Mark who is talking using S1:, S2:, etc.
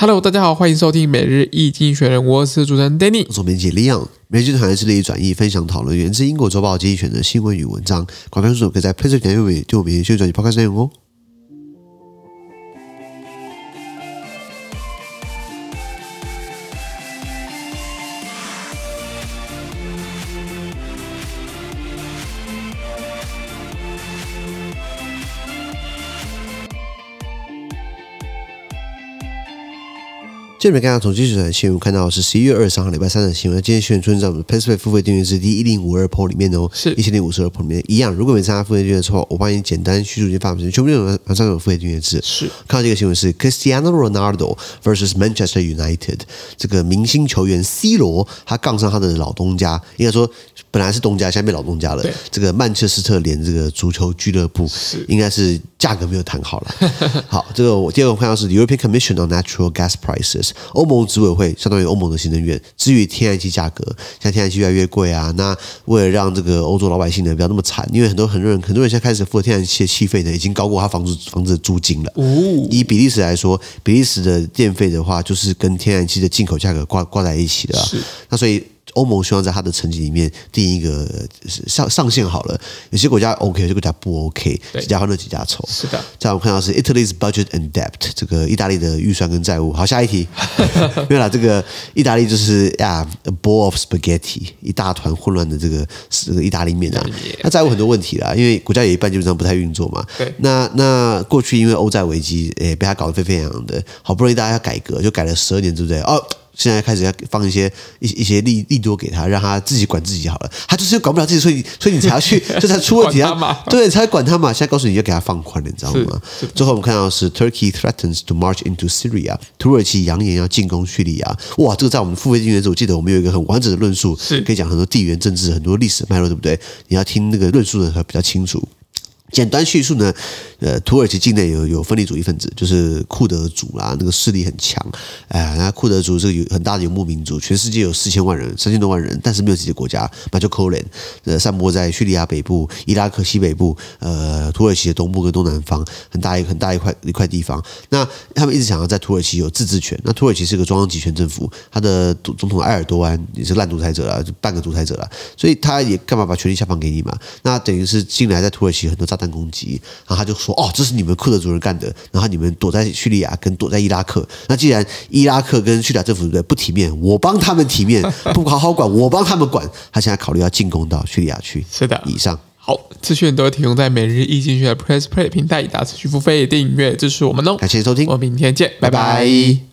S1: Hello，大家好，歡迎收聽每日一經濟學人。我是主持人 Danny，我是總編輯 Leon。每日精選是立意轉譯，分享討論源自英國《週報》經濟學人的新聞與文章。廣告贊助可以在配字條右 t 右邊對我們轉的學習 Podcast 員哦。這邊看到統計集的新聞，看到是十一月二十三號禮拜三的新聞。今天新聞出現在我們 PressPlay 付費訂閱是第一零五二 Pro 裡面哦，是一千零五十二 Pro 裡面一樣。如果沒參加付費訂閱的話，我幫你簡單敘述一下發布時全部用完馬上有付費訂閱制。是看到這個新聞是 Cristiano Ronaldo versus Manchester United，這個明星球員 C 羅他槓上他的老東家，應該說本來是東家，現在變老東家了。對這個曼徹斯特聯這個足球俱樂部是應該是。價格沒有談好了， 好，這個我第二個方向是 European Commission on natural gas prices，歐盟執委會相當於歐盟的行政院，至於天然氣價格，像天然氣越來越貴啊，那為了讓這個歐洲老百姓呢不要那麼慘，因為很多很多人很多人現在開始付天然氣的氣費呢，已經高過他房子房子的租金了。哦，以比利時來說，比利時的電費的話，就是跟天然氣的進口價格掛掛在一起的，啊，是那所以。歐盟希望在他的成績裡面定一個上上限好了，有些國家 OK，有些國家不 OK，對幾家歡樂幾家愁。是的。再我們看到是 Italy's budget and debt，這個意大利的預算跟債務。好，下一題。為了， 這個意大利就是啊、yeah,，a bowl of spaghetti，一大團混亂的這個這個意大利麵啊。對那債務很多問題啦，okay 因為國家有一半基本上不太運作嘛。對。那那過去因為歐債危機，誒、哎，被他搞得沸沸揚揚的，好不容易大家要改革，就改了十二年，對不對？哦。現在開始要放一些一一些利利多給他，讓他自己管自己好了，他就是管不了自己，所以所以你才要去，這 才出問題啊！管他嘛，對，你才管他嘛。現在告訴你要給他放寬，你知道嗎？最後我們看到是 Turkey threatens to march into Syria，土耳其揚言要進攻敘利亞。哇，這個在我們付費訂閱時，我記得我們有一個很完整的論述，是可以講很多地緣政治、很多歷史脈絡，對不對？你要聽那個論述的比較清楚。簡單敘述呢？呃，土耳其境內有有分離主義分子，就是庫德族啦，那個勢力很強。呃，那庫德族是有很大的游牧民族，全世界有四千萬人，三千多萬人，但是沒有自己的國家，那就 Colin。呃，散播在敘利亞北部、伊拉克西北部、呃，土耳其的東部跟東南方，很大一個很大一塊一塊地方。那他們一直想要在土耳其有自治權。那土耳其是個中央集權政府，他的總統埃爾多安也是爛獨裁者啦，就半個獨裁者啦，所以他也幹嘛把權力下放給你嘛？那等於是近來在土耳其很多大，單攻擊，然後他就說：“哦，這是你們庫德族人幹的。”然後你們躲在敘利亞，跟躲在伊拉克。那既然伊拉克跟敘利亞政府不體面，我幫他們體面，不好好管， 我幫他們管。他現在考慮要進攻到敘利亞去。是的，以上好資訊都會提供在每日一經濟的 Press Play 平台，打持續付費訂閱支持我們哦。感謝收聽，我們明天見，拜拜。拜拜